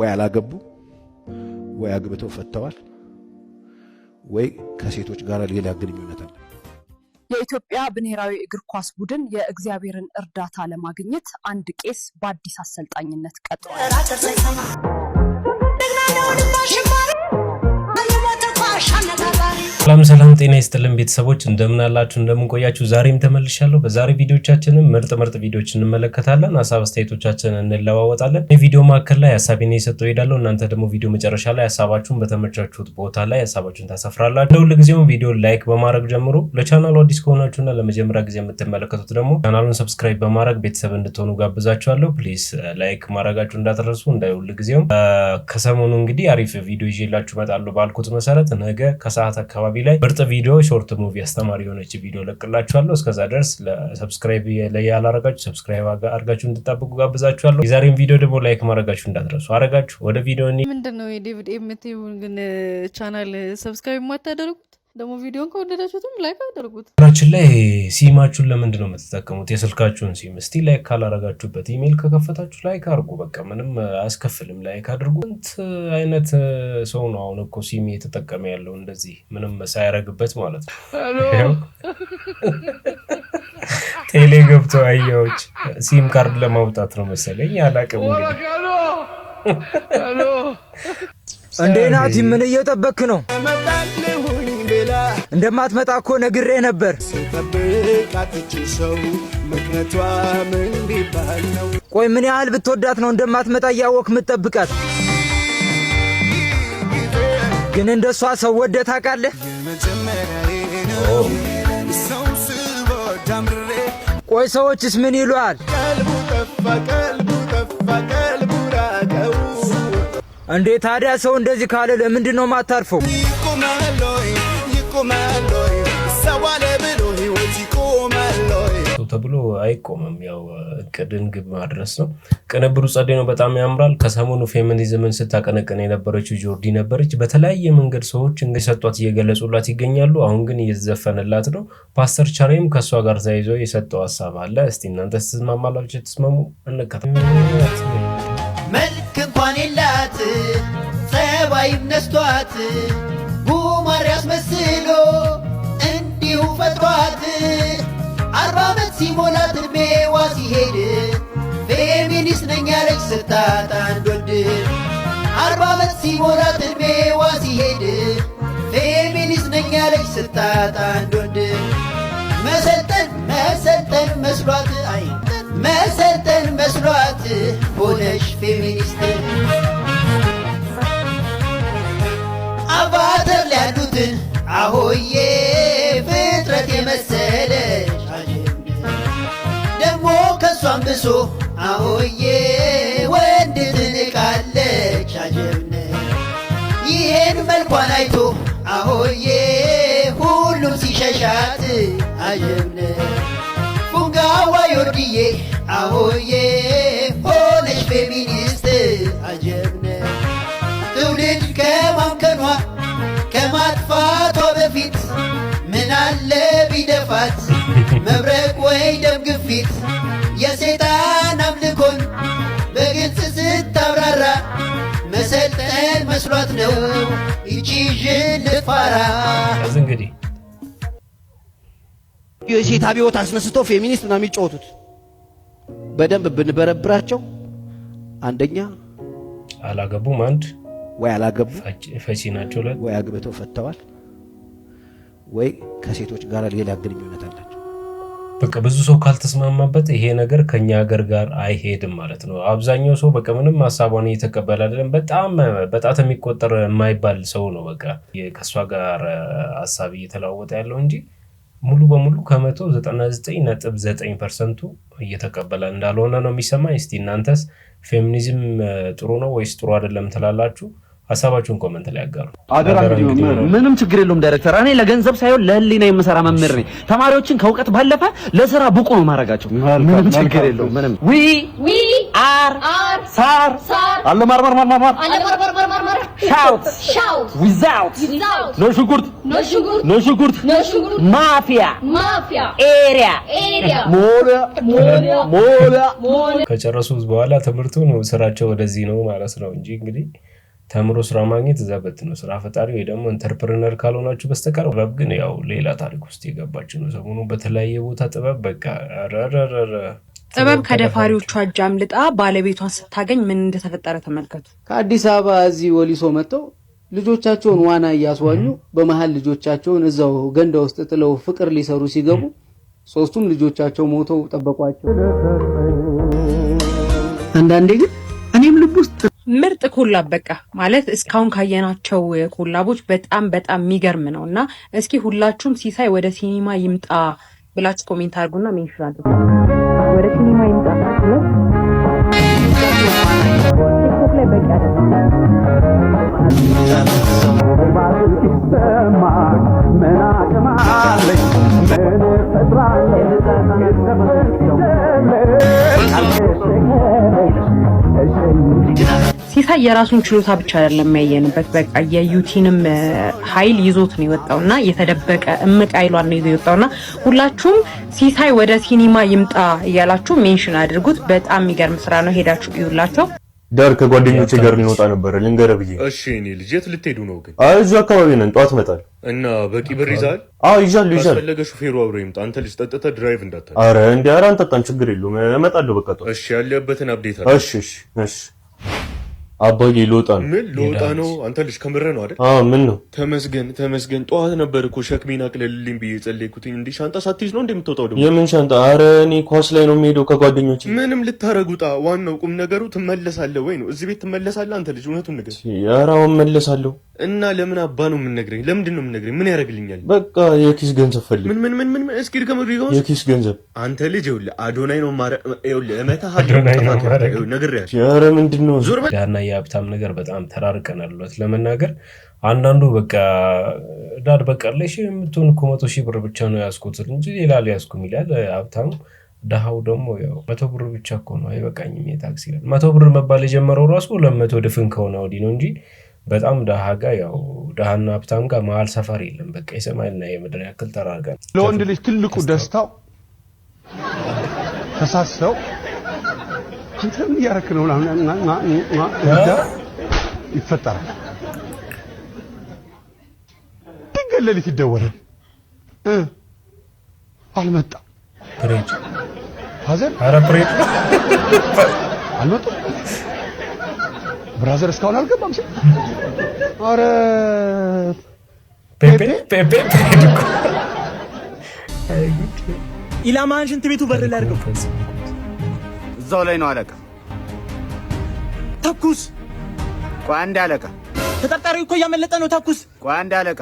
ወይ አላገቡ ወይ አግብተው ፈተዋል ወይ ከሴቶች ጋር ሌላ ግንኙነት አለ። የኢትዮጵያ ብሔራዊ እግር ኳስ ቡድን የእግዚአብሔርን እርዳታ ለማግኘት አንድ ቄስ በአዲስ አሰልጣኝነት ቀጥሯል። ሰላም ሰላም፣ ጤና ይስጥልን ቤተሰቦች እንደምን አላችሁ? እንደምን ቆያችሁ? ዛሬም ተመልሻለሁ። በዛሬ ቪዲዮቻችንም ምርጥ ምርጥ ቪዲዮች እንመለከታለን። ሀሳብ አስተያየቶቻችን እንለዋወጣለን። ቪዲዮ መካከል ላይ ሀሳቤን እየሰጠሁ እሄዳለሁ። እናንተ ደግሞ ቪዲዮ መጨረሻ ላይ ሀሳባችሁን በተመቻችሁት ቦታ ላይ ሀሳባችሁን ታሰፍራላችሁ። እንደ ሁልጊዜውም ቪዲዮ ላይክ በማድረግ ጀምሮ ለቻናሉ አዲስ ከሆናችሁና ለመጀመሪያ ጊዜ የምትመለከቱት ደግሞ ቻናሉን ሰብስክራይብ በማድረግ ቤተሰብ እንድትሆኑ ጋብዛችኋለሁ። ፕሊስ ላይክ ማድረጋችሁ እንዳትረሱ። እንደ ሁልጊዜውም ከሰሞኑ እንግዲህ አሪፍ ቪዲዮ ይዤላችሁ እመጣለሁ ባልኩት መሰረት ነገ ከሰዓት አካባቢ ላይ ምርጥ ቪዲዮ፣ ሾርት ሙቪ አስተማሪ የሆነች ቪዲዮ ለቅላችኋለሁ። እስከዛ ድረስ ሰብስክራይብ ያላረጋችሁ ሰብስክራይብ አርጋችሁ እንድጣብቁ ጋብዛችኋለሁ። የዛሬን ቪዲዮ ደግሞ ላይክ ማድረጋችሁ እንዳትረሱ። አረጋችሁ ወደ ቪዲዮ ምንድን ነው የዴቪድ ኤምቲ ግን ቻናል ሰብስክራይብ ማታደርጉት ደግሞ ቪዲዮን ከወደዳችሁትም ላይክ አድርጉት። ራችን ላይ ሲማችሁን ለምንድን ነው የምትጠቀሙት? የስልካችሁን ሲም እስቲ ላይክ ካላረጋችሁበት ኢሜይል ከከፈታችሁ ላይክ አድርጉ። በቃ ምንም አያስከፍልም፣ ላይክ አድርጉ። ስንት አይነት ሰው ነው አሁን እኮ ሲም እየተጠቀመ ያለው እንደዚህ ምንም ሳያረግበት ማለት ነው። ቴሌ ገብቶ አያዎች ሲም ካርድ ለማውጣት ነው መሰለኝ፣ አላቅም እንግዲህ እንዴ ናቲ፣ ምን እየጠበክ ነው? እንደማትመጣ እኮ ነግሬ ነበር። ቆይ ምን ያህል ብትወዳት ነው እንደማትመጣ እያወክ ምትጠብቃት? ግን እንደሷ ሰው ወደ ታውቃለህ? ቆይ ሰዎችስ ምን ይሏል? እንዴ ታዲያ ሰው እንደዚህ ካለ ለምንድን ነው ማታርፈው? ተብሎ አይቆምም። ያው እቅድን ግብ ማድረስ ነው። ቅንብሩ ጸዴ ነው፣ በጣም ያምራል። ከሰሞኑ ፌሚኒዝምን ስታቀነቅን የነበረችው ጆርዲ ነበረች። በተለያየ መንገድ ሰዎች እንግዲህ ሰጧት እየገለጹላት ይገኛሉ። አሁን ግን እየተዘፈነላት ነው። ፓስተር ቻሬም ከእሷ ጋር ተያይዞ የሰጠው ሀሳብ አለ። እስቲ እናንተ ስትስማማላችሁ ትስማሙ። እንከታተል። መልክ እንኳን የላት ጸባይም ነስቷት ጉማር ያስመስል በልዩ ፈጥሯት አርባ ዓመት ሲሞላት እድሜዋ ሲሄድ ፌሚኒስት ነኝ ያለች ስታጣ አንድ ወንድ አርባ ዓመት ሲሞላት እድሜዋ ሲሄድ ፌሚኒስት ነኝ ያለች ስታጣ አንድ ወንድ መሰልጠን መሰልጠን መስሏት አይ መሰልጠን መስሏት ሆነሽ ፌሚኒስት አባተር ሊያሉትን አሆዬ መሰለሽ ደግሞ ከእሷም ብሶ አዎዬ ወንድ ትንቃለች አጀብነ ይሄን መልኳን አይቶ አዎዬ ሁሉም ሲሸሻት አጀብነ ፉንጋዋ ዮርድዬ አዎዬ ሆነች ፌሚኒስት አጀብነ ትውልድ ከማምከኗ ከማጥፋት አለ ቢደፋት መብረቅ ወይ ደም ግፊት የሴጣን አምልኮን በግልጽ ስታብራራ መሰልጠን መስሏት ነው ይቺዥን ልትፋራ። እንግዲህ የሴት አብዮት አስነስቶ ፌሚኒስት ነው የሚጫወቱት። በደንብ ብንበረብራቸው አንደኛ አላገቡም፣ አንድ ወይ አላገቡ ፈቺ ናቸው፣ ወይ አግብተው ፈተዋል። ወይ ከሴቶች ጋር ሌላ ግንኙነት አላቸው። በቃ ብዙ ሰው ካልተስማማበት ይሄ ነገር ከኛ ሀገር ጋር አይሄድም ማለት ነው። አብዛኛው ሰው በቃ ምንም ሀሳቧን እየተቀበለ አይደለም። በጣም በጣት የሚቆጠር የማይባል ሰው ነው በቃ ከእሷ ጋር ሀሳብ እየተለዋወጠ ያለው እንጂ ሙሉ በሙሉ ከመቶ ዘጠና ዘጠኝ ነጥብ ዘጠኝ ፐርሰንቱ እየተቀበለ እንዳልሆነ ነው የሚሰማኝ። እስቲ እናንተስ ፌሚኒዝም ጥሩ ነው ወይስ ጥሩ አይደለም ትላላችሁ? ሀሳባችሁን ኮመንት ላይ ያጋሩ። ምንም ችግር የለውም ዳይሬክተር፣ እኔ ለገንዘብ ሳይሆን ለህሊና የምሰራ መምህር ነኝ። ተማሪዎችን ከእውቀት ባለፈ ለስራ ብቁ ነው ማድረጋቸው። ምንም ችግር የለውም። ምንም ዊ ዊ አር ሳር አለ ማርማር ማርማር ሻውት ሻውት ዊዛውት ኖ ሽንኩርት ኖ ሽንኩርት ማፊያ ማፊያ ኤሪያ ኤሪያ ሞላ ሞላ ሞላ ከጨረሱ በኋላ ትምህርቱን ስራቸው ወደዚህ ነው ማለት ነው እንጂ እንግዲህ ተምሮ ስራ ማግኘት እዛ ነው። ስራ ፈጣሪ ወይ ደግሞ ኢንተርፕርነር ካልሆናችሁ በስተቀር ረብ ግን ያው ሌላ ታሪክ ውስጥ የገባች ነው። ሰሞኑ በተለያየ ቦታ ጥበብ በቃ ረረረረ ጥበብ ከደፋሪዎቹ እጅ አምልጣ ባለቤቷን ስታገኝ ምን እንደተፈጠረ ተመልከቱ። ከአዲስ አበባ እዚህ ወሊሶ መጥተው ልጆቻቸውን ዋና እያስዋኙ በመሀል ልጆቻቸውን እዛው ገንዳ ውስጥ ጥለው ፍቅር ሊሰሩ ሲገቡ ሶስቱም ልጆቻቸው ሞተው ጠበቋቸው። አንዳንዴ ግን እኔም ልብ ውስጥ ምርጥ ኮላብ በቃ ማለት እስካሁን ካየናቸው ኮላቦች በጣም በጣም የሚገርም ነው እና እስኪ ሁላችሁም ሲሳይ ወደ ሲኒማ ይምጣ ብላችሁ ኮሜንት አድርጉና ሜንሽን ወደ ሲኒማ ይምጣ ላይ ሲሳይ የራሱን ችሎታ ብቻ አይደለም የሚያየንበት፣ በቃ የዩቲንም ኃይል ይዞት ነው የወጣውና የተደበቀ እምቅ ኃይሏን ነው ይዞ የወጣውና ሁላችሁም ሲሳይ ወደ ሲኒማ ይምጣ እያላችሁ ሜንሽን አድርጉት። በጣም የሚገርም ስራ ነው፣ ሄዳችሁ ይውላቸው። ዳር ከጓደኞቼ ጋር ሊወጣ ነበረ ልንገረ ብዬ። እሺ እኔ ልጅ የት ልትሄዱ ነው ግን? አይ እዚሁ አካባቢ ነን፣ ጠዋት መጣል እና በቂ ብር ይዛል? አዎ ይዣለሁ፣ ይዣለሁ። ፈለገ ሹፌሩ አብሮ ይምጣ። አንተ ልጅ ጠጥተህ ድራይቭ እንዳታደርግ። አረ እንዲ፣ አረ አንጠጣም፣ ችግር የለውም እመጣለሁ። በቃ ጠዋት። እሺ ያለበትን አብዴት አለ። እሺ እሺ እሺ አባዬ ልወጣ ነው። ምን ልወጣ ነው? አንተ ልጅ ከምረህ ነው አይደል? አዎ። ምን ነው? ተመስገን ተመስገን። ጠዋት ነበር እኮ ሸክሜን አቅልልልኝ ብዬ ጸለይኩትኝ። እንዴ ሻንጣ ሳትይዝ ነው እንደምትወጣው? ደግሞ የምን ሻንጣ? አረ እኔ ኳስ ላይ ነው የምሄደው ከጓደኞች። ምንም ልታረግ ውጣ። ዋናው ቁም ነገሩ ትመለሳለህ ወይ ነው። እዚህ ቤት ትመለሳለህ አንተ ልጅ። እውነቱን ንገር። ኧረ አሁን እመለሳለሁ እና ለምን አባ ነው የምንነግረኝ? ለምንድን ነው የምንነግረኝ? ምን ያደርግልኛል? በቃ የኪስ ገንዘብ ፈልግ። ምን ምን ምን ምን? እስኪ ልከም ሪጎስ የኪስ ገንዘብ አንተ ልጅ ይኸውልህ፣ አዶናይ ነው ማረ ይኸውልህ፣ እመታ ምንድን ነው ዳና የሀብታም ነገር በጣም ተራርቀናል። እውነት ለመናገር አንዳንዱ በቃ ዳድ በቃ ላይ ሺህ የምትሆን እኮ መቶ ሺህ ብር ብቻ ነው ያዝኩት እንጂ ሌላ ሊያስኩም ይላል ሀብታሙ። ድሃው ደግሞ ያው መቶ ብር ብቻ እኮ ነው አይበቃኝም የታክሲ ይላል። መቶ ብር መባል የጀመረው ራሱ ለመቶ ድፍን ከሆነ ወዲህ ነው እንጂ በጣም ደሃ ጋ ያው ደሃና ሀብታም ጋር መሀል ሰፈር የለም። በቃ የሰማይና የምድር ያክል ተራርቀን። ለወንድ ልጅ ትልቁ ደስታው ተሳሰው አንተ ምን እያደረክ ነው ይፈጠራል። ድንገት ሌሊት ይደወላል። አልመጣ ፕሬት ሐዘን፣ አረ ፕሬት አልመጣ ብራዘር እስካሁን አልገባም ሲል ኧረ ፔፔ ሽንት ቤቱ በር ላይ አድርገው። እዛው ላይ ነው አለቃ። ተኩስ። ቆይ አንዴ አለቃ። ተጠርጣሪው እኮ እያመለጠ ነው። ተኩስ። ቆይ አንዴ አለቃ።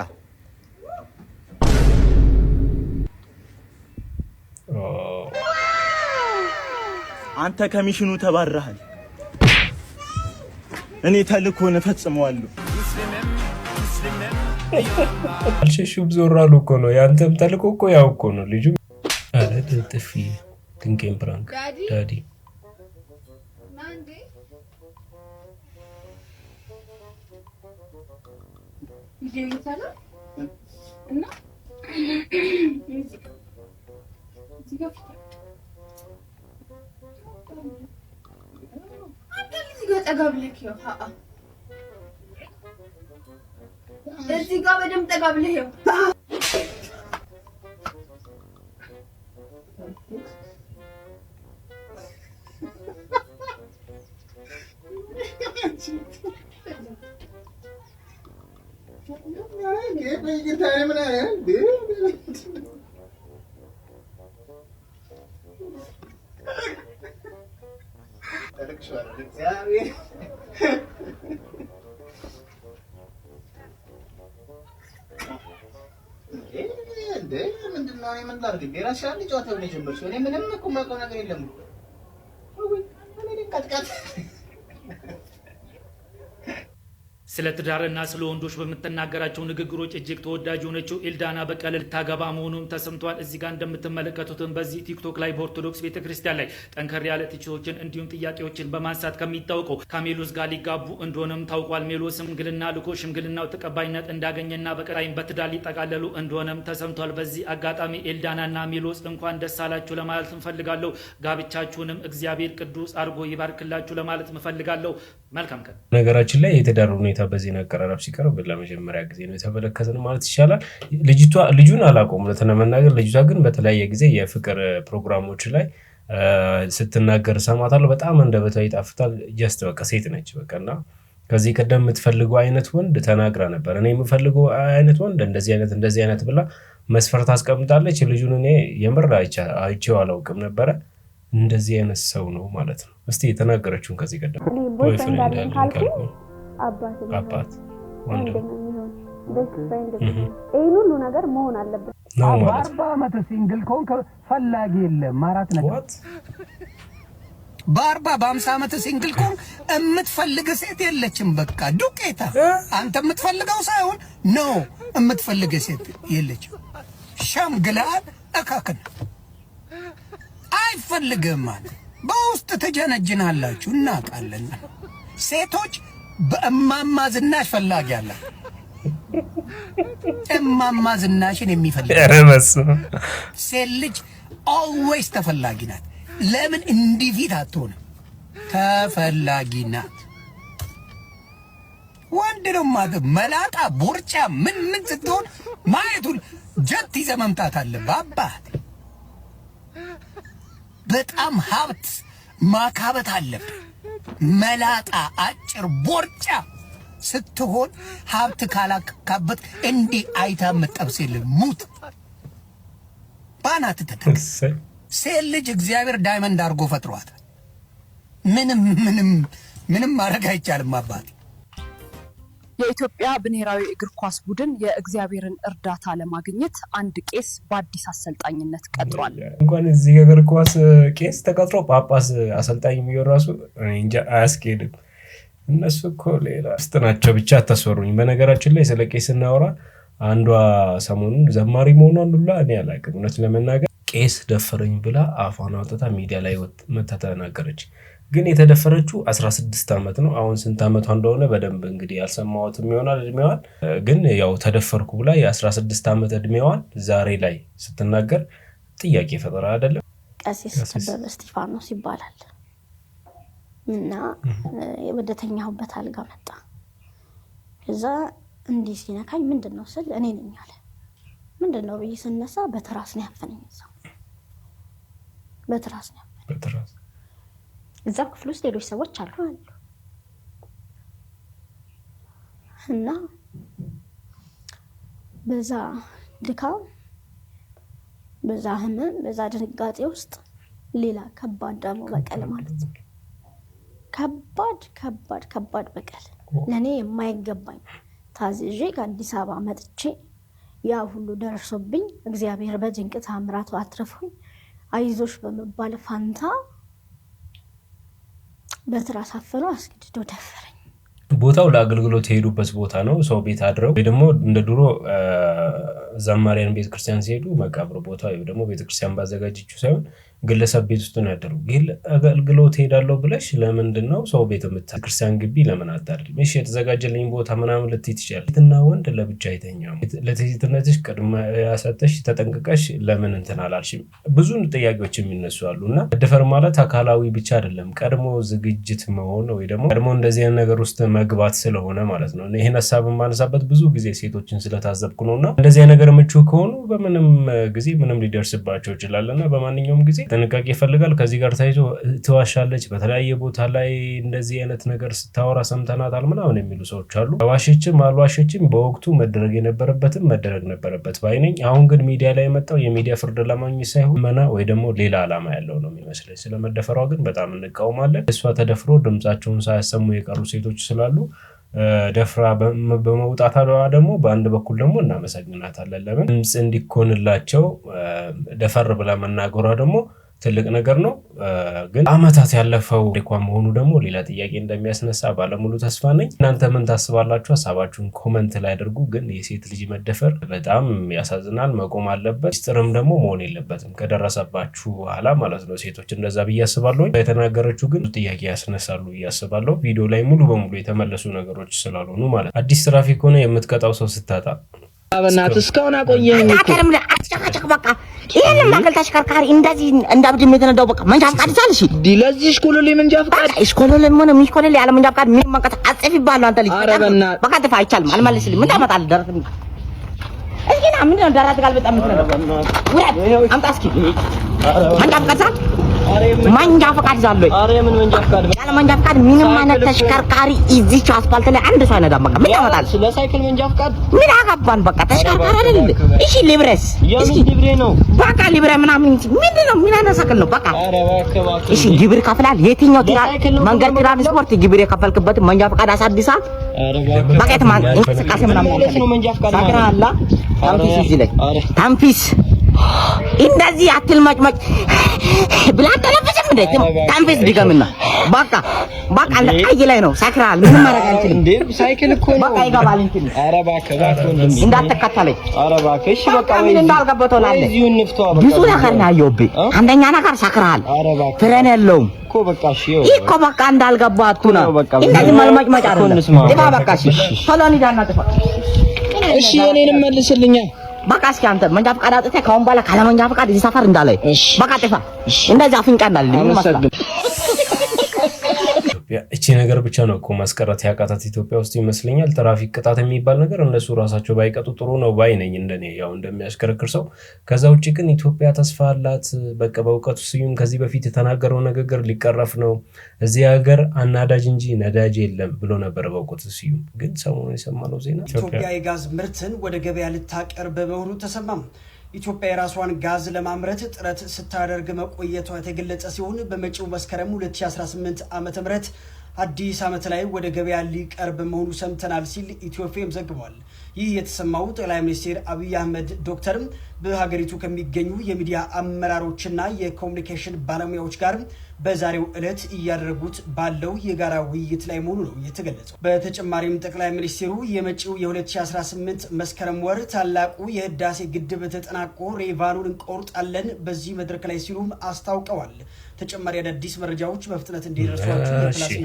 አንተ ከሚሽኑ ተባረሃል። እኔ ተልእኮን እፈጽመዋለሁ። አልሸሹም ዞር አሉ እኮ ነው። የአንተም ተልእኮ እኮ ያው እኮ ነው። ልጁ አለ ጥፊ ድንቄም ብራንክ ዳዲ እና ጋር ጠጋ ብለህ ይኸው፣ እዚህ ጋር በደምብ ጠጋ ብለህ ይኸው ጨዋታ የጀመርሽው? እኔ ምንም እኮ የማውቀው ነገር የለም። ቀጥቀጥ ስለ ትዳርና ስለ ወንዶች በምትናገራቸው ንግግሮች እጅግ ተወዳጅ የሆነችው ኤልዳና በቀለ ልታገባ መሆኑም ተሰምቷል። እዚህ ጋር እንደምትመለከቱትም በዚህ ቲክቶክ ላይ በኦርቶዶክስ ቤተክርስቲያን ላይ ጠንከር ያለ ትችቶችን እንዲሁም ጥያቄዎችን በማንሳት ከሚታወቀው ከሜሎስ ጋር ሊጋቡ እንደሆነም ታውቋል። ሜሎስም ሽምግልና ልኮ ሽምግልናው ተቀባይነት እንዳገኘና በቀጣይም በትዳር ሊጠቃለሉ እንደሆነም ተሰምቷል። በዚህ አጋጣሚ ኤልዳናና ሜሎስ እንኳን ደስ አላችሁ ለማለት እንፈልጋለሁ። ጋብቻችሁንም እግዚአብሔር ቅዱስ አድርጎ ይባርክላችሁ ለማለት እንፈልጋለሁ። መልካም ቀን። ነገራችን ላይ የትዳር ሁኔታ በዜና አቀራረብ ሲቀርብ ለመጀመሪያ ጊዜ ነው የተመለከትን ማለት ይቻላል። ልጁን አላውቀውም እውነት ለመናገር ልጅቷ ግን በተለያየ ጊዜ የፍቅር ፕሮግራሞች ላይ ስትናገር ሰማታለሁ። በጣም አንደበቷ ይጣፍጣል። ጀስት በቃ ሴት ነች በቃ እና ከዚህ ቀደም የምትፈልገው አይነት ወንድ ተናግራ ነበር። እኔ የምፈልገው አይነት ወንድ እንደዚህ አይነት እንደዚህ አይነት ብላ መስፈርት አስቀምጣለች። ልጁን እኔ የምር አይቼው አላውቅም ነበረ። እንደዚህ አይነት ሰው ነው ማለት ነው። እስቲ የተናገረችውን ከዚህ ቀደም አባት ወንድም ይህን ሁሉ ነገር መሆን አለበት። በአርባ ዓመት ሲንግል ከሆንክ ፈላጊ የለም። አራት ነገር በአርባ በአምሳ ዓመት ሲንግል ከሆንክ የምትፈልግ ሴት የለችም። በቃ ዱቄታ አንተ የምትፈልገው ሳይሆን ኖ የምትፈልግ ሴት የለችም። ሸምግለሃል፣ እካክን አይፈልግም ማለት በውስጥ ትጀነጅናላችሁ እናውቃለን ሴቶች በእማማ ዝናሽ ፈላጊ አለ። እማማ ዝናሽን የሚፈልግ ሴት ልጅ ኦልዌይስ ተፈላጊ ናት። ለምን እንዲህ ፊት አትሆንም? ተፈላጊ ናት። ወንድ ነው ማለት መላጣ ቦርጫ ምን ምን ስትሆን ማየቱን ጀት ይዘ መምጣት አለብህ። አባት በጣም ሀብት ማካበት አለብህ። መላጣ አጭር ቦርጫ ስትሆን ሀብት ካላካበት እንዲህ አይታ የምጠብስ የለም። ሙት ባናት ተጠቅ ሴት ልጅ እግዚአብሔር ዳይመንድ አድርጎ ፈጥሯታል። ምንም ምንም ምንም ማድረግ አይቻልም አባት የኢትዮጵያ ብሔራዊ እግር ኳስ ቡድን የእግዚአብሔርን እርዳታ ለማግኘት አንድ ቄስ በአዲስ አሰልጣኝነት ቀጥሯል። እንኳን እዚህ እግር ኳስ ቄስ ተቀጥሮ ጳጳስ አሰልጣኝ የሚሆን ራሱ እንጃ አያስኬድም። እነሱ እኮ ሌላ ውስጥ ናቸው። ብቻ አታስፈሩኝ። በነገራችን ላይ ስለ ቄስ እናወራ። አንዷ ሰሞኑን ዘማሪ መሆኗን ሁላ እኔ አላውቅም እውነት ለመናገር ቄስ ደፈረኝ ብላ አፏን አውጥታ ሚዲያ ላይ መታ ተናገረች። ግን የተደፈረችው 16 ዓመት ነው። አሁን ስንት ዓመቷ እንደሆነ በደንብ እንግዲህ ያልሰማሁትም ይሆናል እድሜዋን። ግን ያው ተደፈርኩ ብላ የ16 ዓመት እድሜዋን ዛሬ ላይ ስትናገር ጥያቄ ፈጠራ አይደለም። ቀሲስ ከበበ እስጢፋኖስ ይባላል እና ወደተኛሁበት አልጋ መጣ። እዛ እንዲህ ሲነካኝ ምንድን ነው ስል እኔ ነኝ አለ። ምንድን ነው ብዬ ስነሳ በትራስ ነው ያፈነኝ እዛው በትራስ ነው በትራስ እዛ ክፍል ውስጥ ሌሎች ሰዎች አሉ አሉ እና በዛ ድካም በዛ ህመም በዛ ድንጋጤ ውስጥ ሌላ ከባድ ደግሞ በቀል ማለት ነው። ከባድ ከባድ ከባድ በቀል ለእኔ የማይገባኝ ታዝዤ ከአዲስ አበባ መጥቼ ያ ሁሉ ደርሶብኝ እግዚአብሔር በድንቅ ታምራቱ አትረፉኝ አይዞሽ በመባል ፋንታ በትራስ አፍኖ አስገድዶ ደፈረኝ። ቦታው ለአገልግሎት የሄዱበት ቦታ ነው። ሰው ቤት አድረው ወይ ደግሞ እንደ ድሮ ዘማሪያን ቤተክርስቲያን ሲሄዱ መቃብር ቦታ ወይ ደግሞ ቤተክርስቲያን ባዘጋጀችው ሳይሆን ግለሰብ ቤት ውስጥ ነው ያደሩ ይህ አገልግሎት ሄዳለሁ ብለሽ ለምንድን ነው ሰው ቤት ምታ ክርስቲያን ግቢ ለምን አታድሪም? እሺ የተዘጋጀልኝ ቦታ ምናምን ልትይ ትችያለሽ። ትና ወንድ ለብቻ አይተኛም። ለትህትነትሽ ቅድመ ያሰጠሽ ተጠንቅቀሽ ለምን እንትን አላልሽም? ብዙ ጥያቄዎች የሚነሱ አሉ እና መደፈር ማለት አካላዊ ብቻ አይደለም፣ ቀድሞ ዝግጅት መሆን ወይ ደግሞ ቀድሞ እንደዚህ ነገር ውስጥ መግባት ስለሆነ ማለት ነው። ይህን ሀሳብ የማነሳበት ብዙ ጊዜ ሴቶችን ስለታዘብኩ ነው እና እንደዚህ ነገር ምቹ ከሆኑ በምንም ጊዜ ምንም ሊደርስባቸው ይችላል እና በማንኛውም ጊዜ ጥንቃቄ ይፈልጋል። ከዚህ ጋር ተያይዞ ትዋሻለች፣ በተለያየ ቦታ ላይ እንደዚህ አይነት ነገር ስታወራ ሰምተናታል ምናምን የሚሉ ሰዎች አሉ። ዋሸችም አልዋሸችም በወቅቱ መደረግ የነበረበትም መደረግ ነበረበት ባይነኝ። አሁን ግን ሚዲያ ላይ የመጣው የሚዲያ ፍርድ ለማግኘት ሳይሆን መና ወይ ደግሞ ሌላ ዓላማ ያለው ነው የሚመስለኝ። ስለመደፈሯ ግን በጣም እንቃውማለን። እሷ ተደፍሮ ድምጻቸውን ሳያሰሙ የቀሩ ሴቶች ስላሉ ደፍራ በመውጣት አለዋ ደግሞ በአንድ በኩል ደግሞ እናመሰግናታለን። ለምን ድምፅ እንዲኮንላቸው ደፈር ብላ መናገሯ ደግሞ ትልቅ ነገር ነው። ግን አመታት ያለፈው ታሪኳ መሆኑ ደግሞ ሌላ ጥያቄ እንደሚያስነሳ ባለሙሉ ተስፋ ነኝ። እናንተ ምን ታስባላችሁ? ሀሳባችሁን ኮመንት ላይ አድርጉ። ግን የሴት ልጅ መደፈር በጣም ያሳዝናል፣ መቆም አለበት። ሚስጥርም ደግሞ መሆን የለበትም ከደረሰባችሁ በኋላ ማለት ነው። ሴቶች እንደዛ ብዬ አስባለሁ። የተናገረችው ግን ጥያቄ ያስነሳሉ ብዬ አስባለሁ። ቪዲዮ ላይ ሙሉ በሙሉ የተመለሱ ነገሮች ስላልሆኑ ማለት ነው። አዲስ ትራፊክ ሆነ የምትቀጣው ሰው ስታጣ በእናትህ እስካሁን አቆየኝ። የማገል ተሽከርካሪ እንደዚህ እንደ አብድ የተነዳው በቃ መንጃ ፈቃድ ይዛል። እሺ ለዚህ እሽኮሎሌ መንጃ ፈቃድ እሽኮሎሌ ምን እሽኮሎሌ ያለ መንጃ ፈቃድ ምን መንቀት አጽፍ ይባል አንተ ልጅ። በቃ ጥፋ አይቻልም። አልመልስልም። ምን ታመጣለህ? ደረት እስኪ ና ምንድን ነው ደረት ጋር በጣም ምትነዳ ውረድ፣ አምጣ እስኪ መንጃ ፈቃድ ዛል መንጃ ፈቃድ ይዛለሁ። አረ ምን መንጃ ያለ መንጃ ፈቃድ ምንም አይነት ተሽከርካሪ እዚች አስፋልት ላይ አንድ ሰው አይነዳም። በቃ ምን ያመጣል? ስለ ሳይክል መንጃ ፈቃድ ምን አገባን? በቃ ተሽከርካሪ አይደል? እሺ ሊብሬስ? እሺ ሊብሬ ነው በቃ ሊብሬ ምናምን እንጂ ነው? ምን አይነት ሳይክል ነው? በቃ እሺ ግብር ከፍላል። የትኛው መንገድ ትራንስፖርት ግብር የከፈልክበት መንጃ ፈቃድ አሳድሳል። በቃ እንቅስቃሴ ምናምን ነው አላ ታንፊስ እዚህ ላይ ታንፊስ እንደዚህ አትልመጭመጭ ብላ አትተነፍስም። እንደ ተንፍስ ድገምና፣ በቃ በቃ ቀይ ላይ ነው ሰክራል። ምንም ማድረግ አንችልም። ሳይክል እኮ ነው። በቃ ይገባል። እንትን እንዳትከተለኝ። በቃ ምን እንዳልገባህ ትሆናለህ። ብዙ ነገር ነው ያየሁብህ። አንደኛ ነገር ሰክራል፣ ፍረን የለውም እኮ በቃ እንዳልገባህ አቱና እንደዚህ መልመጭመጭ አይደለም። ጥፋ በቃ እሺ፣ ቶሎ ሂዳና ጥፋ እሺ። የእኔንም መልስልኛ በቃ እስኪ አንተ መንጃ ፈቃድ አውጥተህ ከአሁን በኋላ ካለ ፈቃድ እዚህ ሰፈር እንዳለ በቃ ጥፋ። እንደዛ አፍንጫ ኢትዮጵያ እቺ ነገር ብቻ ነው እኮ ማስቀረት ያቃታት ኢትዮጵያ ውስጥ ይመስለኛል። ትራፊክ ቅጣት የሚባል ነገር እነሱ ራሳቸው ባይቀጡ ጥሩ ነው ባይ ነኝ እንደኔ ያው እንደሚያሽከረክር ሰው። ከዛ ውጭ ግን ኢትዮጵያ ተስፋ አላት። በቃ በእውቀቱ ስዩም ከዚህ በፊት የተናገረው ንግግር ሊቀረፍ ነው፣ እዚህ ሀገር አናዳጅ እንጂ ነዳጅ የለም ብሎ ነበር በእውቀቱ ስዩም። ግን ሰሞኑን የሰማነው ዜና ኢትዮጵያ የጋዝ ምርትን ወደ ገበያ ልታቀርብ በመሆኑ ተሰማም። ኢትዮጵያ የራሷን ጋዝ ለማምረት ጥረት ስታደርግ መቆየቷ የተገለጸ ሲሆን በመጪው መስከረም 2018 ዓ ም አዲስ ዓመት ላይ ወደ ገበያ ሊቀርብ መሆኑ ሰምተናል ሲል ኢትዮፌም ዘግቧል። ይህ የተሰማው ጠቅላይ ሚኒስትር አብይ አህመድ ዶክተርም በሀገሪቱ ከሚገኙ የሚዲያ አመራሮችና የኮሚኒኬሽን ባለሙያዎች ጋር በዛሬው ዕለት እያደረጉት ባለው የጋራ ውይይት ላይ መሆኑ ነው የተገለጸው። በተጨማሪም ጠቅላይ ሚኒስትሩ የመጪው የ2018 መስከረም ወር ታላቁ የህዳሴ ግድብ ተጠናቆ ሬቫኑን እንቆርጣለን በዚህ መድረክ ላይ ሲሉም አስታውቀዋል። ተጨማሪ አዳዲስ መረጃዎች በፍጥነት እንዲደርሷቸው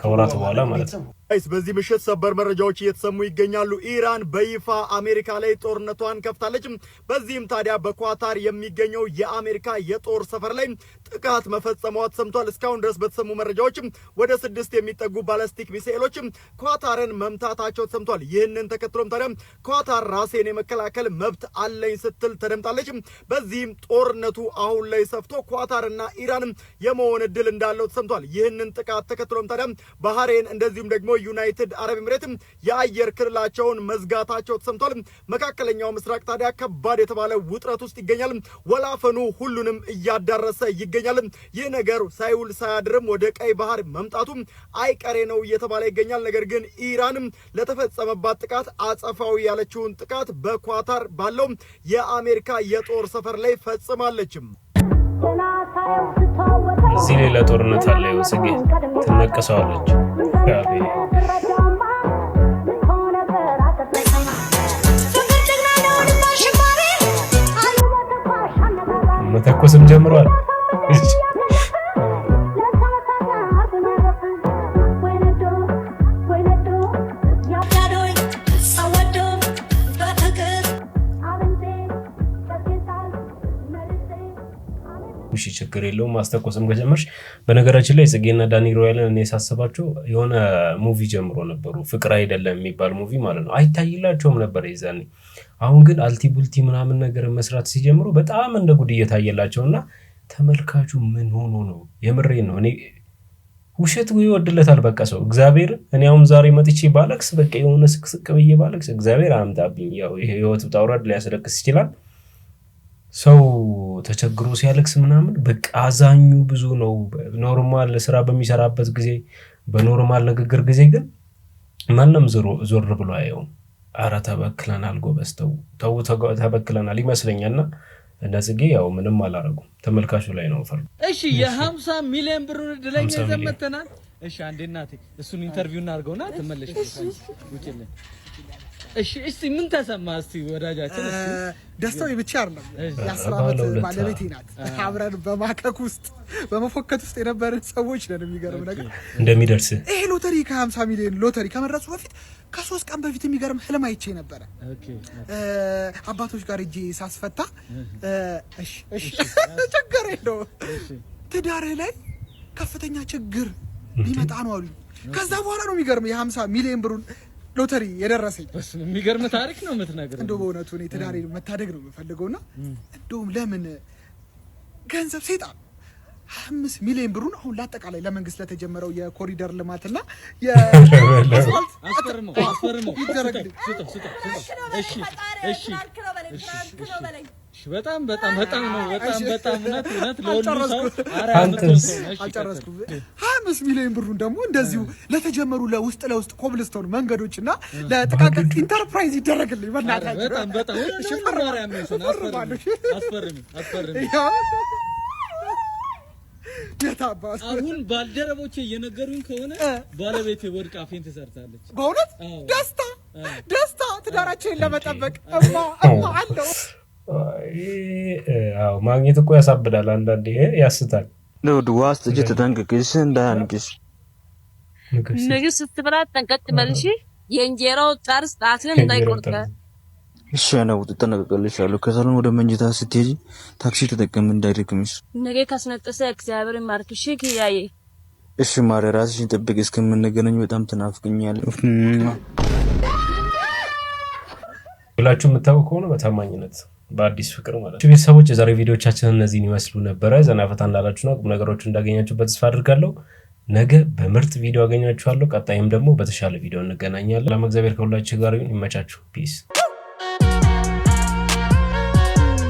ከወራት በኋላ ማለት ነው። በዚህ ምሽት ሰበር መረጃዎች እየተሰሙ ይገኛሉ። ኢራን በይፋ አሜሪካ ላይ ጦርነቷን ከፍታለች። በዚህም ታዲያ በኳታር የሚገኘው የአሜሪካ የጦር ሰፈር ላይ ጥቃት መፈጸሟ ተሰምቷል። እስካሁን ድረስ በተሰሙ መረጃዎችም ወደ ስድስት የሚጠጉ ባለስቲክ ሚሳኤሎችም ኳታርን መምታታቸው ተሰምቷል። ይህንን ተከትሎም ታዲያ ኳታር ራሴን የመከላከል መብት አለኝ ስትል ተደምጣለች። በዚህም ጦርነቱ አሁን ላይ ሰፍቶ ኳታርና ኢራን የመሆን እድል እንዳለው ተሰምቷል። ይህንን ጥቃት ተከትሎም ታዲያም ባህሬን እንደዚሁም ደግሞ ዩናይትድ አረብ ኤምሬትም የአየር ክልላቸውን መዝጋታቸው ተሰምቷል። መካከለኛው ምስራቅ ታዲያ ከባድ የተባለ ውጥረት ውስጥ ይገኛል። ወላፈኑ ሁሉንም እያዳረሰ ይገኛል። ይገኛል። ይህ ነገር ሳይውል ሳያድርም ወደ ቀይ ባህር መምጣቱም አይቀሬ ነው እየተባለ ይገኛል። ነገር ግን ኢራንም ለተፈጸመባት ጥቃት አጸፋዊ ያለችውን ጥቃት በኳታር ባለው የአሜሪካ የጦር ሰፈር ላይ ፈጽማለችም። እዚህ ሌላ ጦርነት አለ። ጽጌ ትነቀሰዋለች። መተኮስም ጀምሯል። ልጅ ችግር የለውም። ማስተኮስም ከጀመርሽ በነገራችን ላይ ጽጌና ዳኒ ሮያልን እኔ ሳስባቸው የሆነ ሙቪ ጀምሮ ነበሩ ፍቅር አይደለም የሚባል ሙቪ ማለት ነው። አይታይላቸውም ነበር የዛኔ። አሁን ግን አልቲ ቡልቲ ምናምን ነገር መስራት ሲጀምሩ በጣም እንደ ጉድ እየታየላቸው እና ተመልካቹ ምን ሆኖ ነው? የምሬን ነው እኔ ውሸት ይወድለታል። በቃ ሰው እግዚአብሔር እኔ አሁን ዛሬ መጥቼ ባለቅስ በቃ የሆነ ስቅስቅ ብዬ ባለቅስ እግዚአብሔር አምጣብኝ። ያው ይሄ ህይወት ሊያስለቅስ ይችላል። ሰው ተቸግሮ ሲያለቅስ ምናምን በቃ አዛኙ ብዙ ነው። ኖርማል ስራ በሚሰራበት ጊዜ በኖርማል ንግግር ጊዜ ግን ማንም ዞር ብሎ አየውም። አረ ተበክለናል ጎበዝ ተው ተበክለናል ይመስለኛልና ለጽጌ ያው ምንም አላረጉም። ተመልካቹ ላይ ነው ፈር እሺ የሀምሳ ሚሊዮን ብር ድለኛ ላይ ዘመተናል። እሺ አንዴ እናቴ እሱን ኢንተርቪው እናድርገውና ትመለሽ ውጭ እሺ እስቲ ምን ተሰማ? እስቲ ወዳጃችን ደስታው ብቻ አይደለም፣ የአስር ዓመት ባለቤቴ ናት። አብረን በማከክ ውስጥ በመፎከት ውስጥ የነበርን ሰዎች ነን። የሚገርም ነገር እንደሚደርስ ይሄ ሎተሪ ከ50 ሚሊዮን ሎተሪ ከመድረሱ በፊት ከሶስት ቀን በፊት የሚገርም ህልም አይቼ ነበረ። አባቶች ጋር እጄ ሳስፈታ ችግር የለው ትዳር ላይ ከፍተኛ ችግር ሊመጣ ነው አሉኝ። ከዛ በኋላ ነው የሚገርም የ50 ሚሊዮን ብሩን ሎተሪ የደረሰኝ የሚገርም ታሪክ ነው የምትነግረው። እንደው በእውነቱ እኔ ትዳሬን መታደግ ነው የምፈልገው እና እንደውም ለምን ገንዘብ ሴጣን አምስት ሚሊዮን ብሩን አሁን ለአጠቃላይ ለመንግስት ለተጀመረው የኮሪደር ልማትና የአስፈርመው ይደረግልኝ እሺ በጣም በጣም በጣም ነው። በጣም በጣም እውነት እውነት ለሁሉ ሰው አልጨረስኩም። ሀያ አምስት ሚሊዮን ብሩን ደግሞ እንደዚሁ ለተጀመሩ ለውስጥ ለውስጥ ኮብልስቶን መንገዶች እና ለጥቃቅን ኢንተርፕራይዝ ይደረግልኝ። በእናትህ በጣም በጣም አስፈርሚ አስፈርሚ። አሁን ባልደረቦቼ እየነገሩኝ ከሆነ ባለቤቴ ወድቃ ፌን ትሰርታለች። በእውነት ደስታ ደስታ ትዳራቸውን ለመጠበቅ እማ እማ አለው ማግኘት እኮ ያሳብዳል፣ አንዳንዴ ያስታል። ዋስ ልጅ ተጠንቅቅሽ፣ እንዳያንቅሽ ምግብ ስትበላ ጠንቀቅ በልሽ። የእንጀራው ጠርስ ጣትን እንዳይቆርጠ እሺ። ነው ትጠነቀቀልሽ አሉ። ከሰሎን ወደ መንጅታ ስትሄጂ ታክሲ ተጠቀም እንዳይደግምሽ። ነገ ካስነጠሰ እግዚአብሔር ይማርክሽ ክያዬ። እሺ ማሪ፣ ራስሽን ጠብቅ። እስከምንገናኝ በጣም ትናፍቅኛል ብላችሁ የምታውቅ ከሆነ በታማኝነት በአዲስ ፍቅር ማለት ነው። ቤተሰቦች የዛሬ ቪዲዮቻችን እነዚህን ይመስሉ ነበረ። ዘና ፈታ እንዳላችሁ ነው ቁም ነገሮች እንዳገኛችሁ በተስፋ አድርጋለሁ። ነገ በምርጥ ቪዲዮ አገኛችኋለሁ። ቀጣይም ደግሞ በተሻለ ቪዲዮ እንገናኛለን። ለመግዚአብሔር ከሁላችሁ ጋር ይሁን። ይመቻችሁ። ፒስ